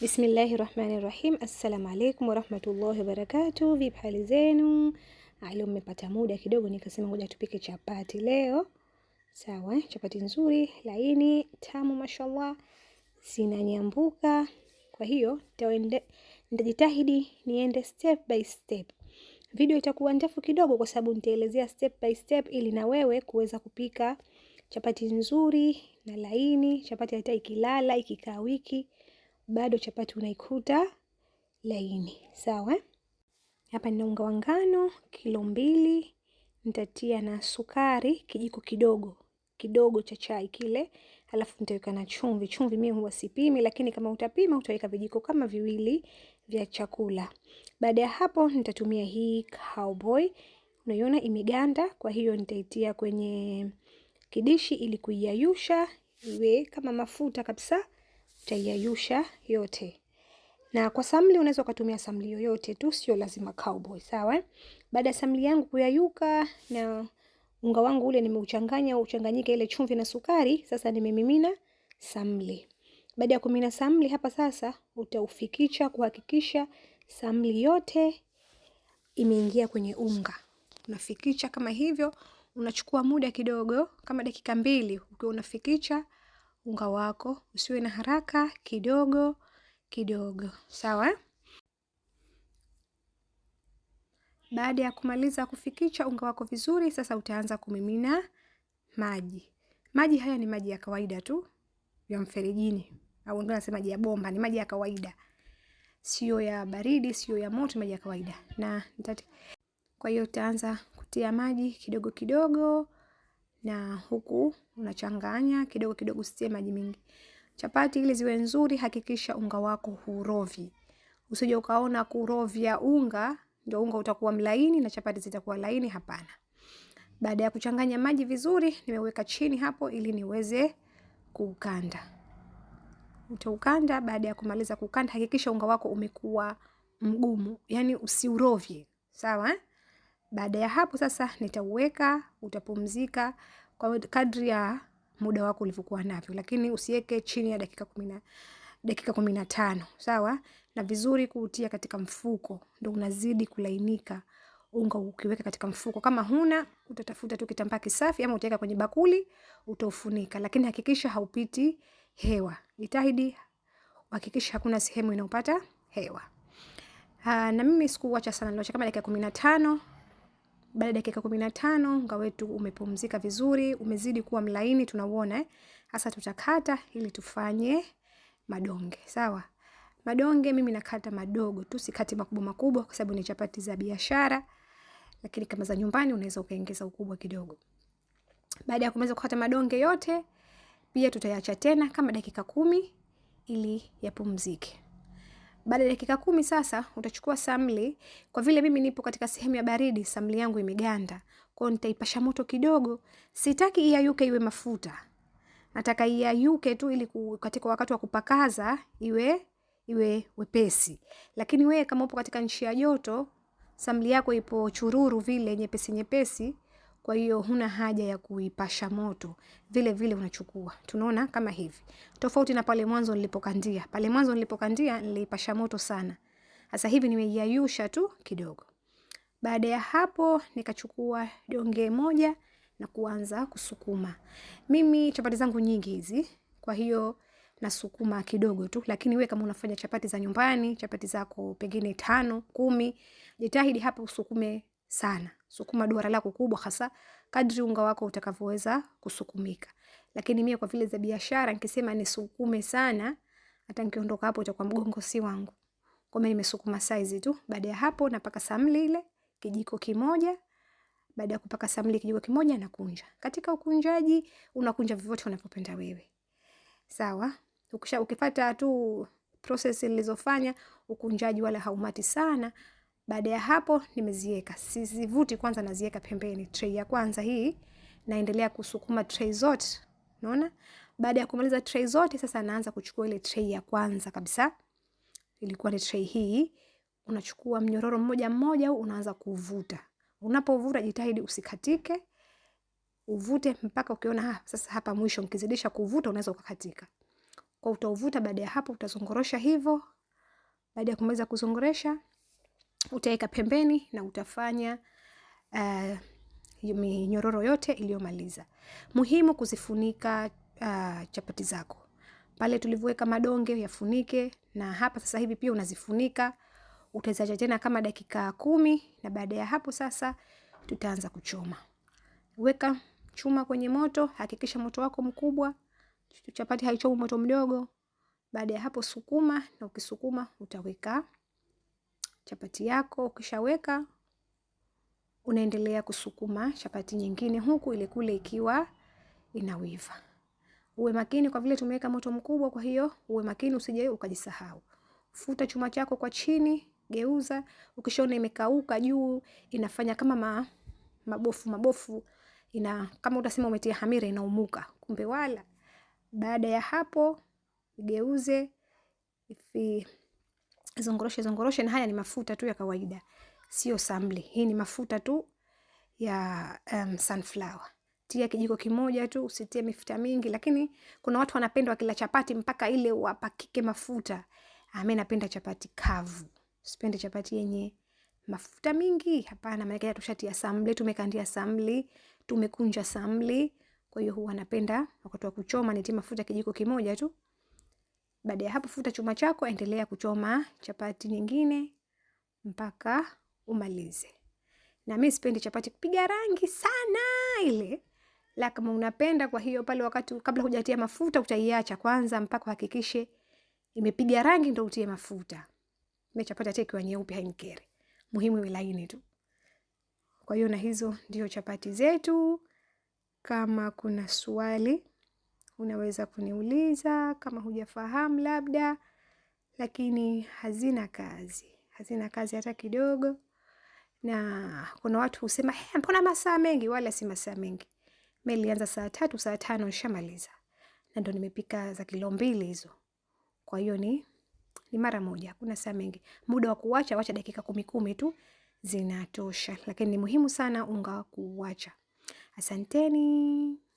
Bismillahi rahmani rahim. Assalamu alaikum warahmatullahi wabarakatu. Vipi hali zenu? Ah, leo mmepata muda kidogo, nikasema ngoja tupike chapati leo. Sawa, chapati nzuri laini tamu, mashallah, zinanyambuka. Kwa hiyo nitajitahidi niende step by step. Video itakuwa ndefu kidogo, kwa sababu nitaelezea step by step, ili na wewe kuweza kupika chapati nzuri na laini, chapati hata ikilala ikikaa wiki bado chapati unaikuta laini sawa. Hapa nina unga wa ngano kilo mbili, nitatia na sukari kijiko kidogo kidogo cha chai kile, alafu nitaweka na chumvi. Chumvi mimi huwa sipimi, lakini kama utapima utaweka vijiko kama viwili vya chakula. Baada ya hapo, nitatumia hii cowboy, unaiona imeganda, kwa hiyo nitaitia kwenye kidishi ili kuiyayusha iwe kama mafuta kabisa tutaiayusha yote. Na kwa samli unaweza ukatumia samli yoyote tu, sio lazima cowboy, sawa? Baada ya samli yangu kuyayuka na unga wangu ule nimeuchanganya uchanganyike ile chumvi na sukari, sasa nimemimina samli. Baada ya kumimina samli hapa sasa utaufikicha kuhakikisha samli yote imeingia kwenye unga. Unafikicha kama hivyo, unachukua muda kidogo kama dakika mbili ukiwa unafikicha unga wako, usiwe na haraka, kidogo kidogo, sawa. Baada ya kumaliza kufikicha unga wako vizuri, sasa utaanza kumimina maji. Maji haya ni maji ya kawaida tu ya mferejini, au wengine wanasema maji ya bomba. Ni maji ya kawaida, sio ya baridi, sio ya moto, maji ya kawaida na Kwa hiyo utaanza kutia maji kidogo kidogo na huku unachanganya kidogo kidogo, usitie maji mengi. Chapati ili ziwe nzuri, hakikisha unga wako hurovi, usije ukaona kurovya unga ndio unga utakuwa mlaini na chapati zitakuwa laini. Hapana. Baada ya kuchanganya maji vizuri, nimeweka chini hapo ili niweze kuukanda. Utaukanda. Baada ya kumaliza kukanda, hakikisha unga wako umekuwa mgumu, yani usiurovye. Sawa eh? Baada ya hapo sasa nitauweka, utapumzika kwa kadri ya muda wako ulivyokuwa navyo, lakini usiweke chini ya dakika kumi na dakika kumi na tano sawa. Na vizuri kuutia katika mfuko, ndo unazidi kulainika unga. Ukiweka katika mfuko, kama huna utatafuta tu kitambaa kisafi, ama utaweka kwenye bakuli utaufunika, lakini hakikisha haupiti hewa. Jitahidi hakikisha hakuna sehemu inayopata hewa. Aa, na mimi sikuacha sana, niliacha kama dakika kumi na tano baada ya dakika kumi na tano unga wetu umepumzika vizuri, umezidi kuwa mlaini tunauona. Sasa tutakata ili tufanye madonge. Sawa? Madonge mimi nakata madogo tu, sikati makubwa makubwa kwa sababu ni chapati za biashara. Lakini kama za nyumbani unaweza ukaongeza ukubwa kidogo. Baada ya kumaliza kukata madonge yote, pia tutayaacha tena kama dakika kumi ili yapumzike. Baada ya dakika kumi sasa utachukua samli. Kwa vile mimi nipo katika sehemu ya baridi, samli yangu imeganda, kwa hiyo nitaipasha moto kidogo. Sitaki iyayuke iwe mafuta, nataka iyayuke tu, ili katika wakati wa kupakaza iwe iwe wepesi. Lakini wewe kama upo katika nchi ya joto, samli yako ipo chururu vile nyepesi nyepesi kwa hiyo huna haja ya kuipasha moto, vile vile unachukua. Tunaona kama hivi, tofauti na pale mwanzo nilipokandia. Pale mwanzo nilipokandia niliipasha moto sana, sasa hivi nimeiayusha tu kidogo. Baada ya hapo, nikachukua donge moja na kuanza kusukuma. Mimi chapati zangu nyingi hizi, kwa hiyo nasukuma kidogo tu, lakini we kama unafanya chapati za nyumbani, chapati zako pengine tano, kumi, jitahidi hapa usukume sana. Sukuma duara lako kubwa hasa kadri unga wako utakavyoweza kusukumika. Lakini mie kwa vile za biashara nikisema nisukume sana, hata nikiondoka hapo utakuwa mgongo si wangu. Kwa mimi nimesukuma size tu. Baada ya hapo napaka samli ile kijiko kimoja. Baada ya kupaka samli kijiko kimoja na kunja. Katika ukunjaji unakunja vivyoote unavyopenda wewe. Sawa? Ukisha ukifuata tu process nilizofanya ukunjaji wala haumati sana. Baada ya hapo nimeziweka, sizivuti kwanza, naziweka pembeni. Tray ya kwanza hii naendelea kusukuma tray zote, unaona. Baada ya kumaliza tray zote, sasa naanza kuchukua ile tray ya kwanza kabisa, ilikuwa ni tray hii. Unachukua mnyororo mmoja mmoja au unaanza kuvuta. Unapovuta jitahidi usikatike, uvute mpaka ukiona ha, ah, sasa hapa mwisho. Ukizidisha kuvuta unaweza ukakatika, kwa utauvuta. Baada ya hapo utazongorosha hivyo. Baada ya kumaliza kuzongoresha utaweka pembeni na utafanya uh, minyororo yote iliyomaliza. Muhimu kuzifunika uh, chapati zako pale tulivyoweka madonge yafunike, na hapa sasa hivi pia unazifunika. Utaziacha tena kama dakika kumi, na baada ya hapo sasa tutaanza kuchoma. Weka chuma kwenye moto, hakikisha moto wako mkubwa, chapati haichomi moto mdogo. Baada ya hapo sukuma, na ukisukuma utaweka chapati yako. Ukishaweka unaendelea kusukuma chapati nyingine huku ile kule ikiwa inawiva. Uwe makini kwa vile tumeweka moto mkubwa, kwa hiyo uwe makini usije ukajisahau. Futa chuma chako kwa chini, geuza. Ukishaona imekauka juu inafanya kama ma, mabofu mabofu, ina kama utasema umetia hamira, inaumuka, kumbe wala. Baada ya hapo geuze ifi zongoroshe zongoroshe, na haya ni mafuta tu ya kawaida, sio samli. Hii ni mafuta tu ya um, sunflower. Tia kijiko kimoja tu, usitie mafuta mingi, lakini kuna watu wanapenda wakila chapati mpaka ile wapakike mafuta. Ah, mimi napenda chapati kavu, sipende chapati yenye mafuta mingi, hapana. Maana tushatia samli, tumekandia samli, tumekunja samli. Kwa hiyo huwa napenda wakati wa kuchoma nitie mafuta kijiko kimoja tu. Baada ya hapo, futa chuma chako, endelea kuchoma chapati nyingine mpaka umalize. Na mimi sipendi chapati kupiga rangi sana ile la kama unapenda. Kwa hiyo pale wakati kabla hujatia mafuta utaiacha kwanza mpaka uhakikishe imepiga rangi ndio utie mafuta. Mimi chapati hata ikiwa nyeupe hainikeri, muhimu iwe laini tu. Kwa hiyo na hizo ndio chapati zetu. Kama kuna swali unaweza kuniuliza kama hujafahamu labda, lakini hazina kazi, hazina kazi hata kidogo. Na kuna watu husema hey, mbona masaa mengi? Wala si masaa mengi. Meli ilianza saa tatu, saa tano nishamaliza, na ndo nimepika za kilo mbili hizo. Kwa hiyo ni ni mara moja, hakuna saa mengi. Muda wa kuwacha wacha dakika kumi kumi tu zinatosha, lakini ni muhimu sana unga kuwacha. Asanteni.